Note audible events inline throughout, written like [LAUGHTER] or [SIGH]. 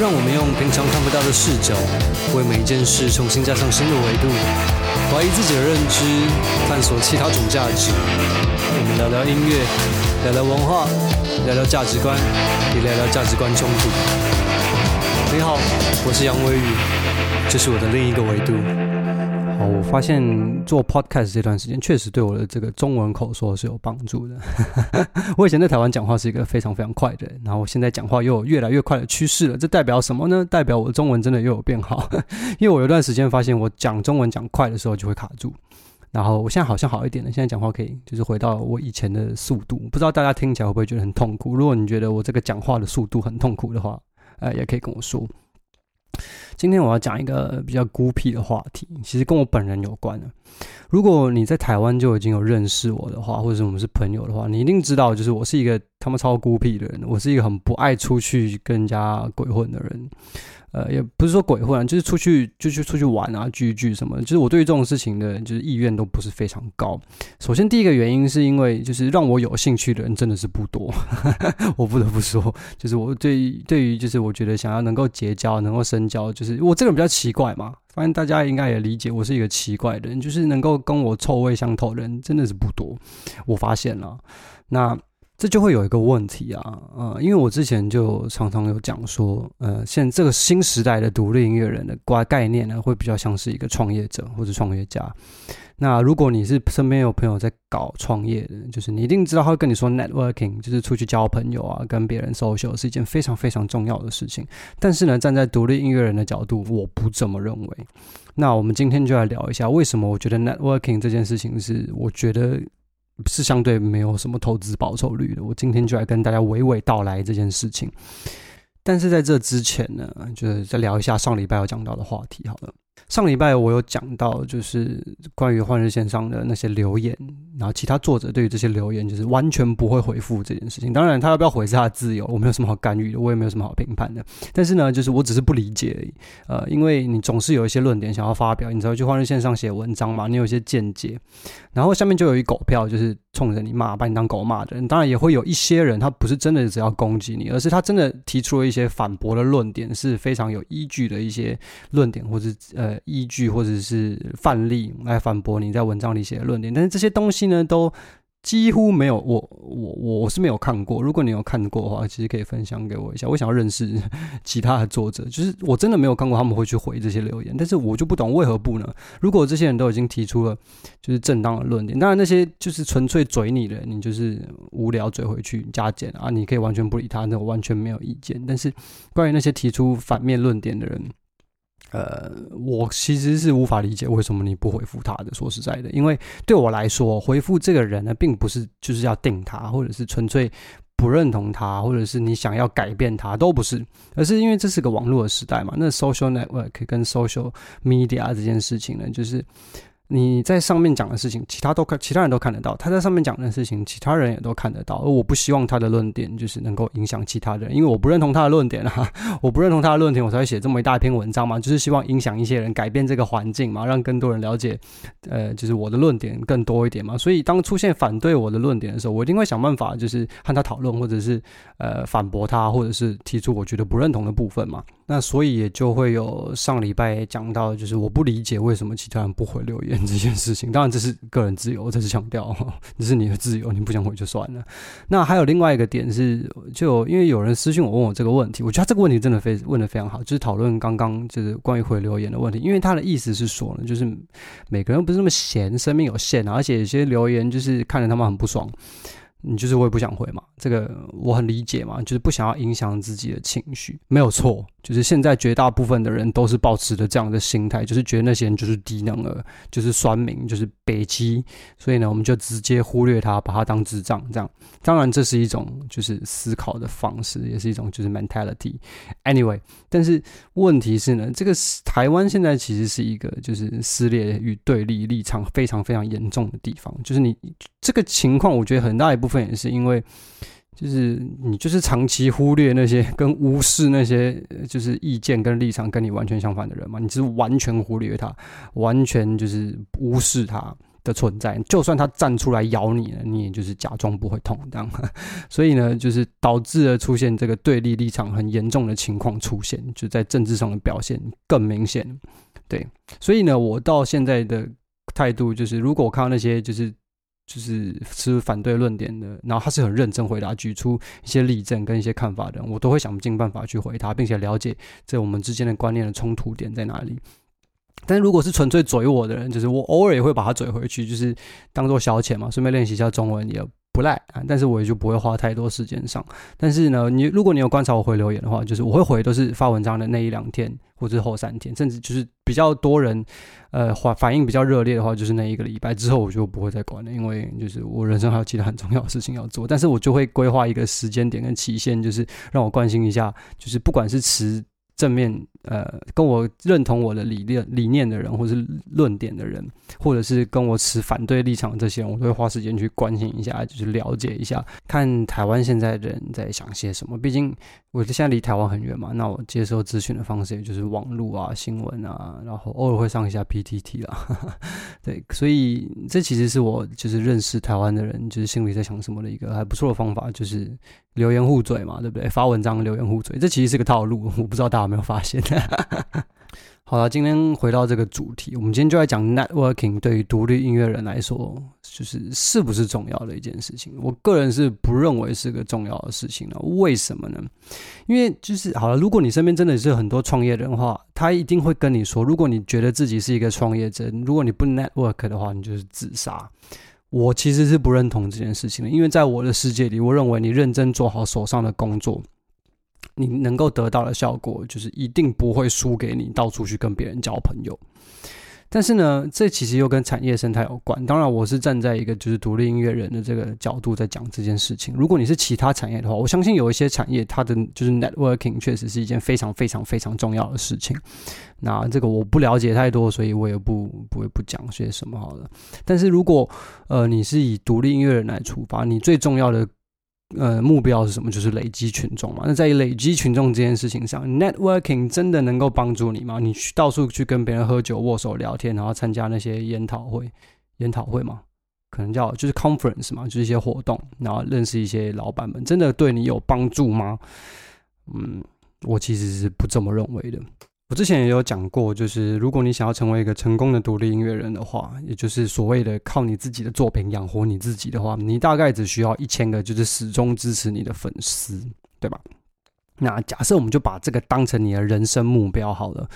讓我們用平常看不到的視角，為每一件事重新加上新的維度，懷疑自己的認知，探索其他種價值。我們聊聊音樂，聊聊文化，聊聊價值觀，也聊聊價值觀衝突。你好，我是楊威宇，這是我的另一個維度。我發現做 podcast 這段時間確實對我的這個中文口說是有幫助的。 [LAUGHS] 我以前在台灣講話是一個非常非常快的人，然後我現在講話又有越來越快的趨勢了。這代表什麼呢？代表我的中文真的又有變好。 [LAUGHS] 因為我有一段時間發現我講中文講快的時候就會卡住，然後我現在好像好一點了，現在講話可以就是回到我以前的速度。不知道大家聽起來會不會覺得很痛苦？如果你覺得我這個講話的速度很痛苦的話，呃，也可以跟我說。今天我要講一個比較孤僻的話題，其實跟我本人有關的、啊。如果你在台灣就已經有認識我的話，或者是我們是朋友的話，你一定知道，就是我是一個他媽超孤僻的人，我是一個很不愛出去跟人家鬼混的人。呃，也不是說鬼混啊，就是出去就去、是、出去玩啊，聚一聚什麼的，就是我對於這種事情的，就是意願都不是非常高。首先第一個原因是因為，就是讓我有興趣的人真的是不多， [LAUGHS] 我不得不說，就是我對於對於就是我覺得想要能夠結交，能夠深交，就是。我這個人比較奇怪嘛，反正大家應該也理解，我是一個奇怪的人，就是能夠跟我臭味相投的人真的是不多，我發現了。那。這就會有一個問題啊，嗯、呃，因為我之前就常常有講說，呃，現在這個新時代的獨立音樂人的關概念呢，會比較像是一個創業者或者創業家。那如果你是身邊有朋友在搞創業的，就是你一定知道他會跟你說 networking，就是出去交朋友啊，跟別人 social 是一件非常非常重要的事情。但是呢，站在獨立音樂人的角度，我不這麼認為。那我們今天就來聊一下，為什麼我覺得 networking 這件事情是我覺得。是相對沒有什麼投資報酬率的，我今天就來跟大家娓娓道來這件事情。但是在這之前呢，就是再聊一下上禮拜要講到的話題，好了。上禮拜我有講到，就是關於換日線上的那些留言，然後其他作者對於這些留言就是完全不會回復這件事情。當然，他要不要回是他的自由，我沒有什麼好干預的，我也沒有什麼好評判的。但是呢，就是我只是不理解而已。呃，因為你總是有一些論點想要發表，你才會去換日線上寫文章嘛，你有一些見解，然後下面就有一狗票就是衝着你罵，把你當狗罵的人。當然也會有一些人，他不是真的只要攻擊你，而是他真的提出了一些反駁的論點，是非常有依據的一些論點，或是呃。依據或者是範例來反駁你在文章裡寫的論點，但是這些東西呢，都幾乎沒有。我我我是沒有看過。如果你有看過的話，其實可以分享給我一下，我想要認識其他的作者。就是我真的沒有看過他們會去回這些留言，但是我就不懂為何不呢？如果這些人都已經提出了就是正當的論點，當然那些就是純粹嘴你的人，你就是無聊嘴回去加減啊，你可以完全不理他，那我完全沒有意見。但是關於那些提出反面論點的人。呃，我其實是無法理解為什麼你不回復他的。說實在的，因為對我來說，回復這個人呢，並不是就是要定他，或者是純粹不認同他，或者是你想要改變他，都不是，而是因為這是個網絡的時代嘛。那 social network 跟 social media 這件事情呢，就是。你在上面講的事情，其他都看，其他人都看得到。他在上面講的事情，其他人也都看得到。而我不希望他的論點就是能夠影響其他人，因為我不認同他的論點啊，我不認同他的論點，我才會寫這麼一大篇文章嘛，就是希望影響一些人，改變這個環境嘛，讓更多人了解，呃，就是我的論點更多一點嘛。所以當出現反對我的論點的時候，我一定會想辦法，就是和他討論，或者是呃反駁他，或者是提出我覺得不認同的部分嘛。那所以也就會有上禮拜講到，就是我不理解為什麼其他人不回留言。這件事情，當然這是個人自由，這是強調，這是你的自由，你不想回就算了。那還有另外一個點是，就因為有人私信我問我這個問題，我覺得這個問題真的非問得非常好，就是討論剛剛就是關於回留言的問題，因為他的意思是說呢，就是每個人不是那麼閒，生命有限啊，而且有些留言就是看着他們很不爽。你就是我也不想回嘛，這個我很理解嘛，就是不想要影響自己的情緒，沒有錯。就是現在絕大部分的人都是保持着這樣的心態，就是覺得那些人就是低能兒，就是酸民，就是北基，所以呢，我們就直接忽略他，把他當智障這樣。當然，這是一種就是思考的方式，也是一種就是 mentality。Anyway，但是問題是呢，這個台灣現在其實是一個就是撕裂與對立立場非常非常嚴重的地方。就是你這個情況，我覺得很大一部分。也是因為，就是你就是長期忽略那些跟無視那些就是意見跟立場跟你完全相反的人嘛，你只是完全忽略他，完全就是無視他的存在。就算他站出來咬你了，你也就是假裝不會痛，這樣。所以呢，就是導致了出現這個對立立場很嚴重的情況出現，就在政治上的表現更明顯。對，所以呢，我到現在的態度就是，如果我看到那些就是，就是是反對論點的，然後他是很認真回答，舉出一些例證跟一些看法的，我都會想盡辦法去回答，並且了解這我們之間的觀念的衝突點在哪裡。但是如果是純粹嘴我的人，就是我偶爾也會把他嘴回去，就是當做消遣嘛，順便練習一下中文也不賴啊。但是我也就不會花太多時間上。但是呢，你如果你有觀察我回留言的話，就是我會回都是發文章的那一兩天，或者是後三天，甚至就是比較多人呃反反應比較熱烈的話，就是那一個禮拜之後，我就不會再管了，因為就是我人生還有其他很重要的事情要做。但是我就會規劃一個時間點跟期限，就是讓我關心一下，就是不管是遲。正面呃，跟我認同我的理念理念的人，或是論點的人，或者是跟我持反對立場的這些人，我都會花時間去關心一下，就是了解一下，看台灣現在的人在想些什麼。畢竟我現在離台灣很遠嘛，那我接受資訊的方式也就是網路啊、新聞啊，然後偶爾會上一下 PTT 啦、啊。對，所以這其實是我就是認識台灣的人，就是心裡在想什麼的一個還不錯的方法，就是留言互嘴嘛，對不對？發文章留言互嘴，這其實是個套路，我不知道大有沒有發現。 [LAUGHS] 好了，今天回到這個主題，我們今天就來講 networking 對於獨立音樂人來說，就是是不是重要的一件事情。我個人是不認為是個重要的事情呢？為什麼呢？因為就是好了，如果你身邊真的是很多創業人的話，他一定會跟你說，如果你覺得自己是一個創業者，如果你不 network 的話，你就是自殺。我其實是不認同這件事情的，因為在我的世界裡，我認為你認真做好手上的工作。你能夠得到的效果，就是一定不會輸給你到處去跟別人交朋友。但是呢，這其實又跟產業生態有關。當然，我是站在一個就是獨立音樂人的這個角度在講這件事情。如果你是其他產業的話，我相信有一些產業它的就是 networking 確實是一件非常非常非常重要的事情。那這個我不了解太多，所以我也不不會不講些什麼好了。但是如果呃你是以獨立音樂人來出發，你最重要的。呃、嗯，目標是什麼？就是累積群眾嘛。那在累積群眾這件事情上，networking 真的能夠幫助你嗎？你去到處去跟別人喝酒、握手、聊天，然後參加那些研討會、研討會嘛，可能叫就是 conference 嘛，就是一些活動，然後認識一些老板們，真的對你有幫助嗎？嗯，我其實是不這麼認為的。我之前也有講過，就是如果你想要成為一個成功的獨立音樂人的話，也就是所謂的靠你自己的作品養活你自己的話，你大概只需要一千個就是始終支持你的粉絲，對吧？那假設我們就把這個當成你的人生目標好了。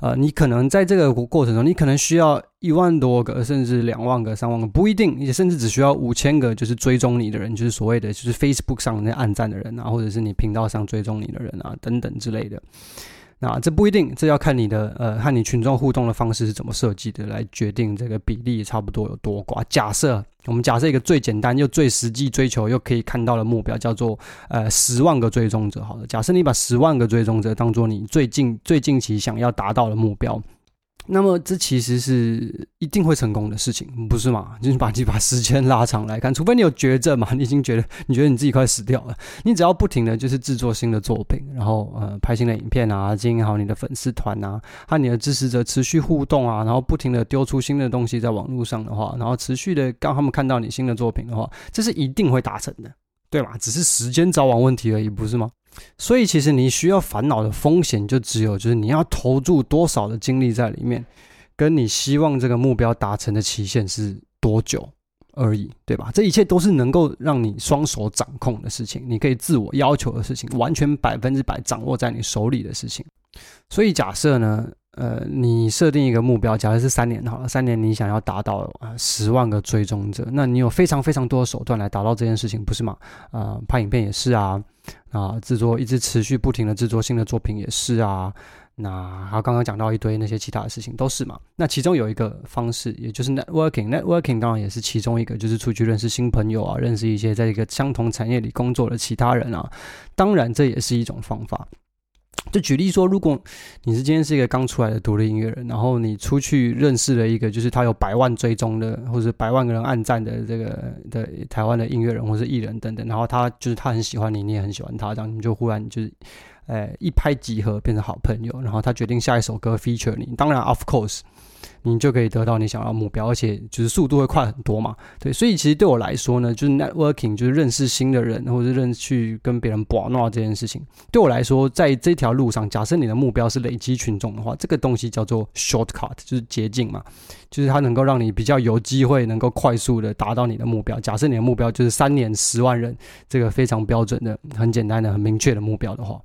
呃，你可能在這個過程中，你可能需要一萬多個，甚至兩萬個、三萬個，不一定，也甚至只需要五千個，就是追蹤你的人，就是所謂的就是 Facebook 上的那些按讚的人啊，或者是你頻道上追蹤你的人啊，等等之類的。那這不一定，這要看你的呃和你群眾互動的方式是怎麼設計的來決定這個比例差不多有多寡，假設我們假設一個最簡單又最實際追求又可以看到的目標叫做呃十萬個追蹤者，好了，假設你把十萬個追蹤者當做你最近最近期想要達到的目標，那麼這其實是一定會成功的事情，不是嗎？就是把你把時間拉長來看，除非你有絕症嘛，你已經覺得你覺得你自己快死掉了，你只要不停的就是制作新的作品，然後呃拍新的影片啊，經營好你的粉絲團啊，和你的支持者持續互動啊，然後不停的丟出新的東西在網絡上的話，然後持續的讓他們看到你新的作品的話，這是一定會達成的，對吧？只是時間早晚問題而已，不是嗎？所以，其實你需要煩惱的風險就只有，就是你要投注多少的精力在裡面，跟你希望這個目標達成的期限是多久而已，對吧？這一切都是能夠讓你雙手掌控的事情，你可以自我要求的事情，完全百分之百掌握在你手裡的事情。所以，假設呢？呃，你設定一個目標，假設是三年好了，三年你想要達到啊、呃、十萬個追蹤者，那你有非常非常多的手段來達到這件事情，不是嗎？啊、呃，拍影片也是啊，啊、呃，製作一直持續不停的製作新的作品也是啊，那還有、啊、剛剛講到一堆那些其他的事情都是嘛。那其中有一個方式，也就是 networking，networking Network 當然也是其中一個，就是出去認識新朋友啊，認識一些在一個相同產業裡工作的其他人啊，當然這也是一種方法。就舉例說，如果你是今天是一個剛出來的獨立音樂人，然後你出去認識了一個，就是他有百萬追蹤的，或者百萬個人按讚的這個的台灣的音樂人或是藝人等等，然後他就是他很喜歡你，你也很喜歡他，這樣你就忽然就是。哎，一拍即合變成好朋友，然後他決定下一首歌 feature 你，當然 of course，你就可以得到你想要的目標，而且就是速度會快很多嘛，對，所以其實對我來說呢，就是 networking，就是認識新的人，或者是認識去跟別人玩鬧這件事情，對我來說，在這條路上，假設你的目標是累積群眾的話，這個東西叫做 shortcut，就是捷徑嘛，就是它能夠讓你比較有機會能夠快速的達到你的目標。假設你的目標就是三年十萬人，這個非常標準的、很簡單的、很明確的目標的話。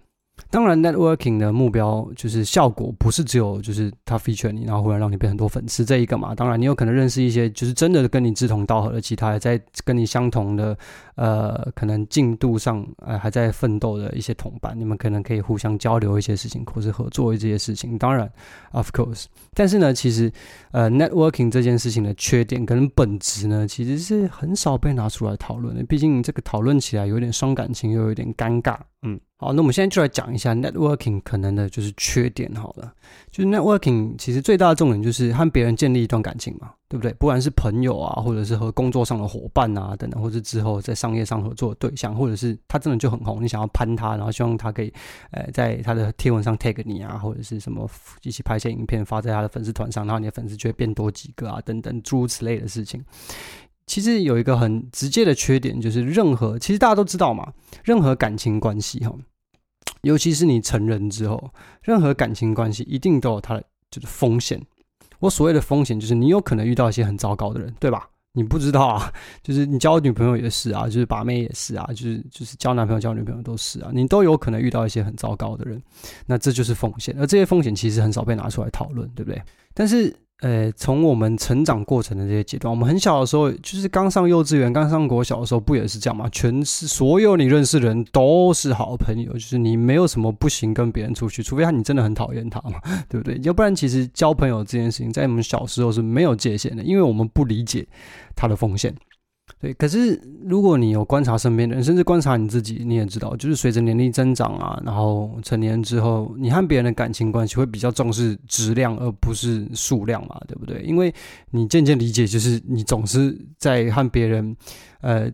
當然，networking 的目標就是效果，不是只有就是他 feature 你，然後忽然讓你變很多粉絲這一個嘛。當然，你有可能認識一些就是真的跟你志同道合的，其他在跟你相同的，呃，可能進度上呃還在奮鬥的一些同伴，你們可能可以互相交流一些事情，或是合作一些事情。當然，of course，但是呢，其實呃，networking 這件事情的缺點跟本質呢，其實是很少被拿出來討論的。畢竟這個討論起來有點傷感情，又有點尷尬。嗯，好，那我們現在就來講一下 networking 可能的就是缺點好了。就是 networking 其實最大的重點就是和別人建立一段感情嘛，對不對？不管是朋友啊，或者是和工作上的夥伴啊，等等，或者是之後在商業上合作的對象，或者是他真的就很紅，你想要攀他，然後希望他可以，呃，在他的貼文上 tag 你啊，或者是什麼一起拍一些影片發在他的粉絲團上，然後你的粉絲就會變多幾個啊，等等諸如此類的事情。其實有一個很直接的缺點，就是任何其實大家都知道嘛，任何感情關係哈，尤其是你成人之後，任何感情關係一定都有它的就是風險。我所謂的風險，就是你有可能遇到一些很糟糕的人，對吧？你不知道啊，就是你交女朋友也是啊，就是把妹也是啊，就是就是交男朋友、交女朋友都是啊，你都有可能遇到一些很糟糕的人。那這就是風險，而這些風險其實很少被拿出來討論，對不對？但是。呃，從我們成長過程的這些階段，我們很小的時候，就是剛上幼稚園、剛上國小的時候，不也是這樣嗎？全是所有你認識的人都是好朋友，就是你沒有什麼不行跟別人出去，除非你真的很討厭他嘛，對不對？要不然，其實交朋友這件事情，在我們小時候是沒有界限的，因為我們不理解他的風險。對，可是如果你有觀察身邊的人，甚至觀察你自己，你也知道，就是隨着年齡增長啊，然後成年之後，你和別人的感情關係會比較重視質量而不是數量嘛，對不對？因為你漸漸理解，就是你總是在和別人，呃，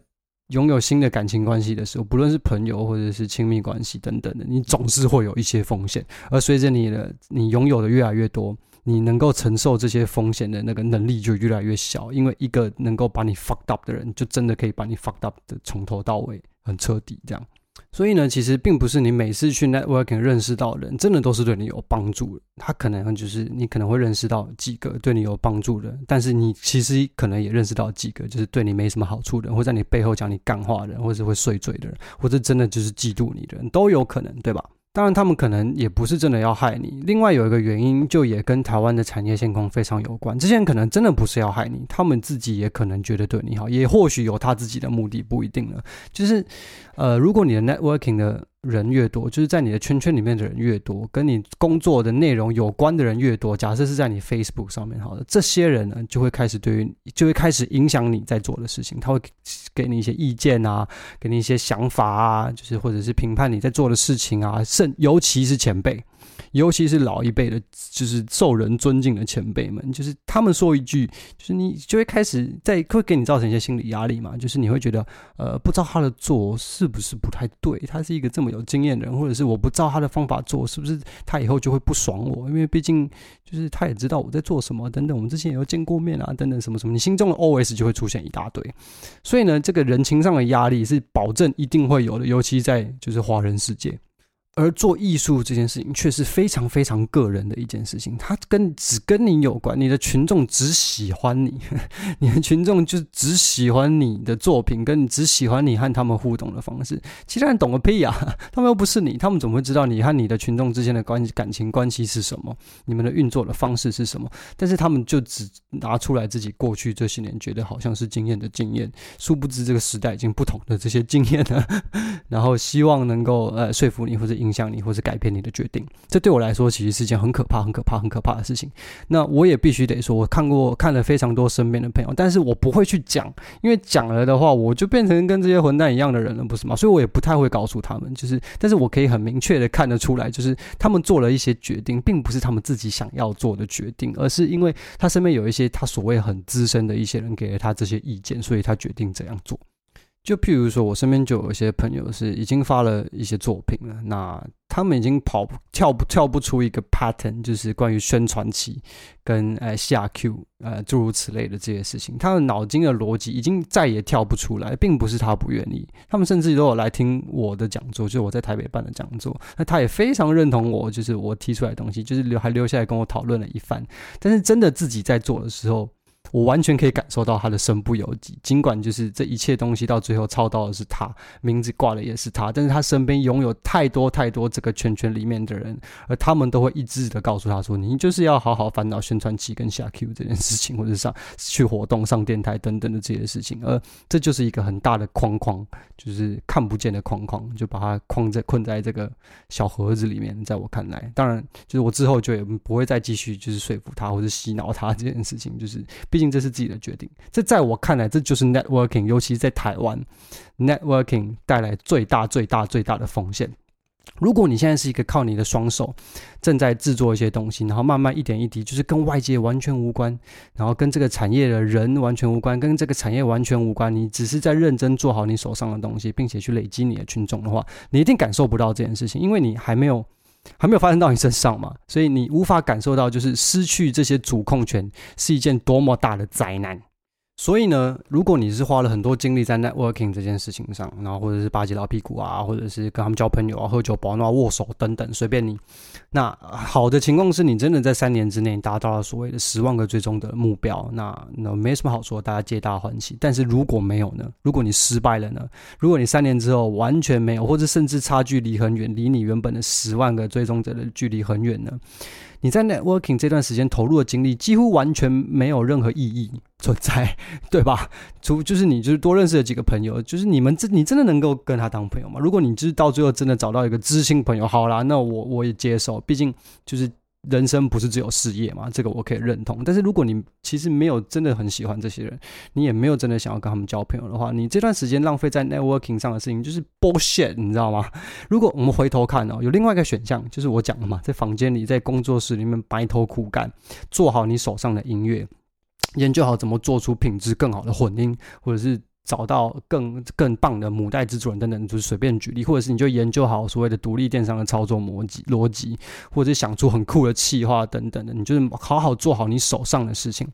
擁有新的感情關係的時候，不論是朋友或者是親密關係等等的，你總是會有一些風險。而隨着你的，你擁有的越來越多。你能夠承受這些風險的那個能力就越來越小，因為一個能夠把你 fucked up 的人，就真的可以把你 fucked up 的從頭到尾很徹底這樣。所以呢，其實並不是你每次去 networking 認識到的人，真的都是對你有幫助的。他可能就是你可能會認識到幾個對你有幫助的人，但是你其實可能也認識到幾個就是對你沒什麼好處的人，或者在你背後講你幹話的人，或者是會碎嘴的人，或者真的就是嫉妒你的人都有可能，對吧？當然，他們可能也不是真的要害你。另外，有一個原因，就也跟台灣的產業現況非常有關。這些人可能真的不是要害你，他們自己也可能覺得對你好，也或許有他自己的目的，不一定了。就是，呃，如果你的 networking 的。人越多，就是在你的圈圈裡面的人越多，跟你工作的內容有關的人越多。假設是在你 Facebook 上面，好的，這些人呢就會開始對於，就會開始影響你在做的事情。他會給你一些意見啊，給你一些想法啊，就是或者是評判你在做的事情啊。甚尤其是前輩。尤其是老一輩的，就是受人尊敬的前輩們，就是他們說一句，就是你就會開始在會給你造成一些心理壓力嘛，就是你會覺得，呃，不知道他的做是不是不太對，他是一個這麼有經驗的人，或者是我不照他的方法做，是不是他以後就會不爽我？因為畢竟就是他也知道我在做什麼，等等，我們之前也有見過面啊，等等，什麼什麼，你心中的 OS 就會出現一大堆，所以呢，這個人情上的壓力是保證一定會有的，尤其在就是華人世界。而做藝術這件事情，卻是非常非常個人的一件事情。它跟只跟你有關，你的群眾只喜歡你，你的群眾就只喜歡你的作品，跟你只喜歡你和他們互動的方式。其他人懂個屁呀！啊！他們又不是你，他們怎麼會知道你和你的群眾之間的關感情關係是什麼？你們的運作的方式是什麼？但是他們就只拿出來自己過去這些年覺得好像是經驗的經驗，殊不知這個時代已經不同的這些經驗了，然後希望能夠呃說服你或者引。影響你，或是改變你的決定，這對我來說其實是件很可怕、很可怕、很可怕的事情。那我也必須得說，我看過看了非常多身邊的朋友，但是我不會去講，因為講了的話，我就變成跟這些混蛋一樣的人了，不是嗎？所以我也不太會告訴他們。就是，但是我可以很明確的看得出來，就是他們做了一些決定，並不是他們自己想要做的決定，而是因為他身邊有一些他所謂很資深的一些人給了他這些意見，所以他決定這樣做。就譬如說，我身邊就有一些朋友是已經發了一些作品了，那他們已經跑不跳不跳不出一個 pattern，就是關於宣傳期跟呃下 Q，呃諸如此類的這些事情，他的腦筋的邏輯已經再也跳不出來，並不是他不願意，他們甚至都有來聽我的講座，就是我在台北辦的講座，那他也非常認同我，就是我提出來的東西，就是留還留下來跟我討論了一番，但是真的自己在做的時候。我完全可以感受到他的身不由己，儘管就是這一切東西到最後操刀的是他，名字掛的也是他，但是他身邊擁有太多太多這個圈圈裡面的人，而他們都會一致的告訴他說：“你就是要好好煩惱宣傳期跟下 Q 這件事情，或者上去活動、上電台等等的這些事情。”而這就是一個很大的框框，就是看不見的框框，就把它框在困在這個小盒子裡面。在我看來，當然就是我之後就也不會再繼續就是說服他或者洗腦他這件事情，就是。畢竟這是自己的決定，這在我看來，這就是 networking。尤其是在台灣，networking 帶來最大、最大、最大的風險。如果你現在是一個靠你的雙手正在製作一些東西，然後慢慢一點一滴，就是跟外界完全無關，然後跟這個產業的人完全無關，跟這個產業完全無關，你只是在認真做好你手上的東西，並且去累積你的群眾的話，你一定感受不到這件事情，因為你還沒有。還沒有發生到你身上嘛，所以你無法感受到，就是失去這些主控權是一件多麼大的災難。所以呢，如果你是花了很多精力在 networking 這件事情上，然後或者是巴結老屁股啊，或者是跟他們交朋友啊、喝酒、保暖、握手等等，隨便你。那好的情況是你真的在三年之內達到了所謂的十萬個追蹤者的目標，那那沒什麼好說，大家皆大歡喜。但是如果沒有呢？如果你失敗了呢？如果你三年之後完全沒有，或者甚至差距離很遠，離你原本的十萬個追蹤者的距離很遠呢？你在 networking 這段時間投入的精力幾乎完全沒有任何意義存在，對吧？除就是你就是多認識了幾個朋友，就是你們真你真的能夠跟他當朋友嗎？如果你就是到最後真的找到一個知心朋友，好啦，那我我也接受，畢竟就是。人生不是只有事業嘛？這個我可以認同。但是如果你其實沒有真的很喜歡這些人，你也沒有真的想要跟他們交朋友的話，你這段時間浪費在 networking 上的事情就是 bullshit，你知道嗎？如果我們回頭看哦，有另外一個選項，就是我講的嘛，在房間裡，在工作室裡面埋頭苦幹，做好你手上的音樂，研究好怎麼做出品質更好的混音，或者是。找到更更棒的母帶製作人等等，就是隨便舉例，或者是你就研究好所謂的獨立電商的操作邏輯，邏輯，或者是想出很酷的企劃等等的，你就是好好做好你手上的事情。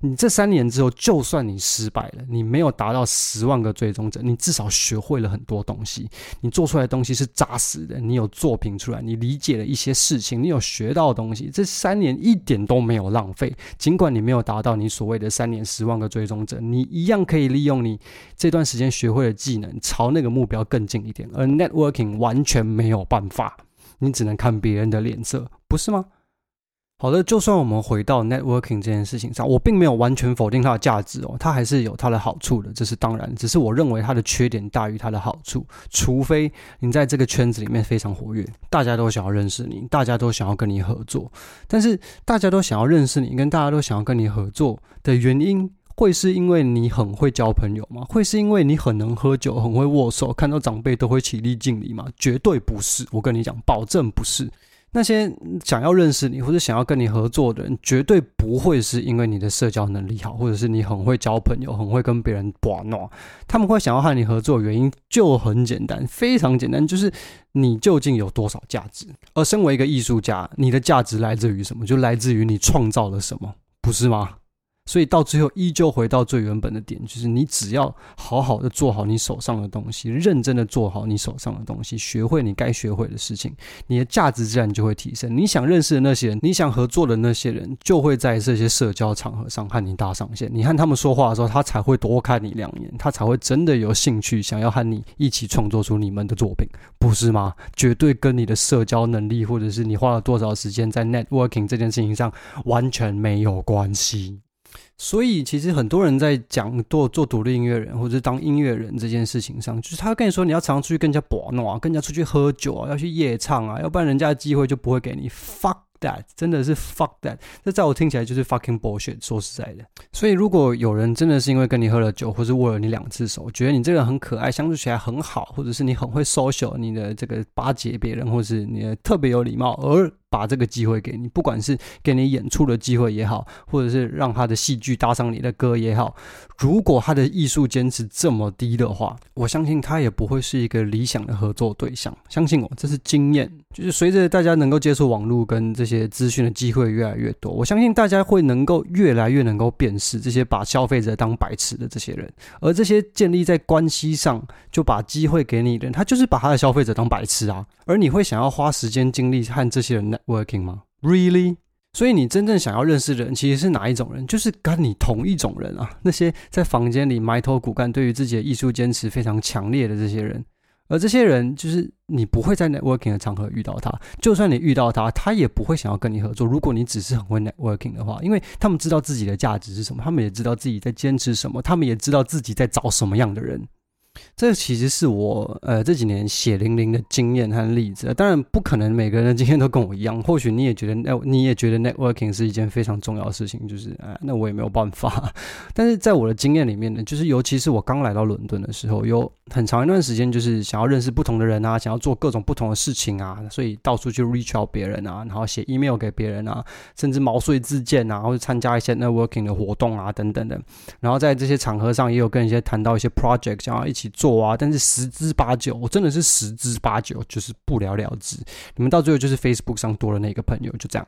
你這三年之後，就算你失敗了，你沒有達到十萬個追蹤者，你至少學會了很多東西。你做出來的東西是紮實的，你有作品出來，你理解了一些事情，你有學到的東西。這三年一點都沒有浪費。儘管你沒有達到你所謂的三年十萬個追蹤者，你一樣可以利用你這段時間學會的技能，朝那個目標更近一點。而 networking 完全沒有辦法，你只能看別人的臉色，不是嗎？好的，就算我們回到 networking 這件事情上，我並沒有完全否定它的價值哦，它還是有它的好處的，這是當然。只是我認為它的缺點大於它的好處，除非你在這個圈子裡面非常活躍，大家都想要認識你，大家都想要跟你合作。但是大家都想要認識你，跟大家都想要跟你合作的原因，會是因為你很會交朋友嗎？會是因為你很能喝酒、很會握手、看到長輩都會起立敬禮嗎？絕對不是，我跟你講，保證不是。那些想要認識你或者想要跟你合作的人，絕對不會是因為你的社交能力好，或者是你很會交朋友、很會跟別人玩鬧。他們會想要和你合作的原因就很簡單，非常簡單，就是你究竟有多少價值。而身為一個藝術家，你的價值來自於什麼？就來自於你創造了什麼，不是嗎？所以到最後，依舊回到最原本的點，就是你只要好好的做好你手上的東西，認真的做好你手上的東西，學會你該學會的事情，你的價值自然就會提升。你想認識的那些人，你想合作的那些人，就會在這些社交場合上和你搭上線。你和他們說話的時候，他才會多看你兩眼，他才會真的有興趣，想要和你一起創作出你們的作品，不是嗎？絕對跟你的社交能力，或者是你花了多少時間在 networking 這件事情上完全沒有關係。所以其實很多人在講做做獨立音樂人或者是當音樂人這件事情上，就是他跟你說你要常常出去跟人家玩啊，跟人家出去喝酒啊，要去夜唱啊，要不然人家的機會就不會給你。Fuck that！真的是 fuck that！這在我聽起來就是 fucking bullshit。說實在的，所以如果有人真的是因為跟你喝了酒，或是握了你兩次手，覺得你這個人很可愛，相處起來很好，或者是你很會 social，你的這個巴結別人，或者是你的特別有禮貌，而把這個機會給你，不管是給你演出的機會也好，或者是讓他的戲劇搭上你的歌也好，如果他的藝術堅持這麼低的話，我相信他也不會是一個理想的合作對象。相信我，這是經驗。就是隨着大家能夠接觸網絡跟這些資訊的機會越來越多，我相信大家會能夠越來越能夠辨識這些把消費者當白痴的這些人。而這些建立在關係上，就把機會給你的人，他就是把他的消費者當白痴啊。而你會想要花時間精力和這些人的。Networking 嗎？Really？所以你真正想要認識的人，其實是哪一種人？就是跟你同一種人啊！那些在房間裡埋頭苦幹，對於自己的藝術堅持非常強烈的這些人。而這些人，就是你不會在 Networking 的場合遇到他。就算你遇到他，他也不會想要跟你合作。如果你只是很會 Networking 的話，因為他們知道自己的價值是什麼，他們也知道自己在堅持什麼，他們也知道自己在找什麼樣的人。這其實是我呃這幾年血淋淋的經驗和例子。當然不可能每個人的經驗都跟我一樣。或許你也覺得那，你也覺得 networking 是一件非常重要的事情。就是啊、哎，那我也沒有辦法。但是在我的經驗裡面呢，就是尤其是我剛來到倫敦的時候，有很長一段時間就是想要認識不同的人啊，想要做各種不同的事情啊，所以到處去 reach out 別人啊，然後寫 email 給別人啊，甚至毛遂自薦啊，或者參加一些 networking 的活動啊，等等的。然後在這些場合上也有跟一些談到一些 project，想要一起。做啊，但是十之八九，我真的是十之八九，就是不了了之。你們到最後就是 Facebook 上多了那個朋友，就這樣。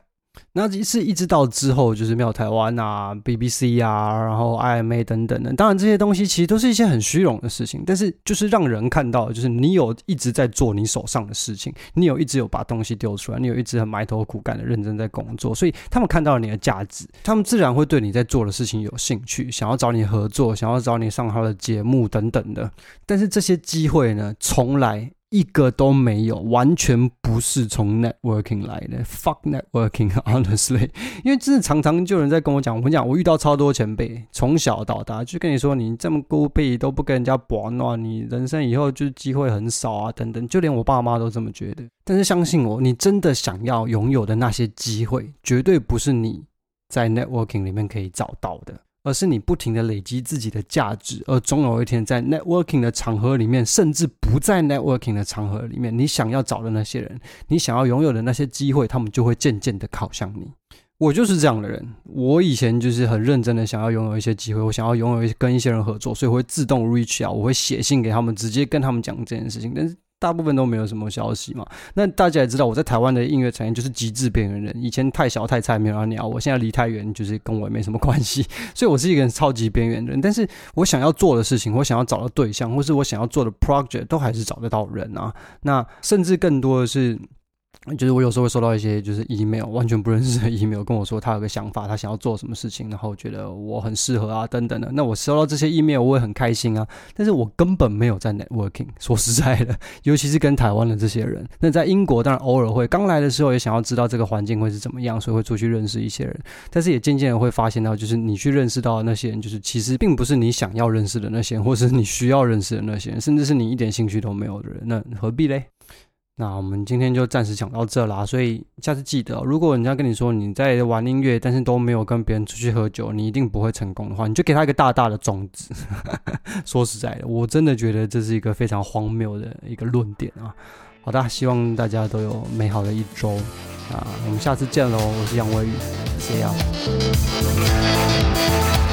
那是一直到之後，就是妙台灣啊、BBC 啊，然後 IMA 等等的。當然這些東西其實都是一些很虛榮的事情，但是就是讓人看到，就是你有一直在做你手上的事情，你有一直有把東西丟出來，你有一直很埋頭苦幹的認真在工作，所以他們看到了你的價值，他們自然會對你在做的事情有興趣，想要找你合作，想要找你上他的節目等等的。但是這些機會呢，從來。一個都沒有，完全不是從 networking 來的。Fuck networking, honestly。因為真的常常就有人在跟我講，我跟你講，我遇到超多前輩，從小到大就跟你說，你這麼孤僻都不跟人家玩鬧，你人生以後就機會很少啊，等等。就連我爸媽都這麼覺得。但是相信我，你真的想要擁有的那些機會，絕對不是你在 networking 裡面可以找到的。而是你不停的累積自己的價值，而總有一天在 networking 的場合裡面，甚至不在 networking 的場合裡面，你想要找的那些人，你想要擁有的那些機會，他們就會漸漸的靠向你。我就是這樣的人，我以前就是很認真的想要擁有一些機會，我想要擁有跟一些人合作，所以我會自動 reach out，我會寫信給他們，直接跟他們講這件事情，但是。大部分都沒有什麼消息嘛，那大家也知道我在台灣的音樂產業就是極致邊緣人，以前太小太菜沒人鳥我，現在離太遠就是跟我也沒什麼關係，所以我是一個人超級邊緣人。但是我想要做的事情，我想要找的對象，或是我想要做的 project，都還是找得到人啊。那甚至更多的是。就是我有時候會收到一些就是 email 完全不認識的 email，跟我說他有個想法，他想要做什麼事情，然後覺得我很適合啊等等的。那我收到這些 email，我也很開心啊。但是我根本沒有在 networking，說實在的，尤其是跟台灣的這些人。那在英國當然偶爾會，剛來的時候也想要知道這個環境會是怎麼樣，所以會出去認識一些人。但是也漸漸的會發現到，就是你去認識到的那些人，就是其實並不是你想要認識的那些人，或是你需要認識的那些人，甚至是你一點興趣都沒有的人，那何必嘞？那我們今天就暫時講到這啦、啊，所以下次記得、哦，如果人家跟你說你在玩音樂，但是都沒有跟別人出去喝酒，你一定不會成功的話，你就給他一個大大的種子。 [LAUGHS] 說實在的，我真的覺得這是一個非常荒謬的一個論點啊。好的，希望大家都有美好的一周啊，我們下次見嘍，我是楊偉宇，謝謝、啊。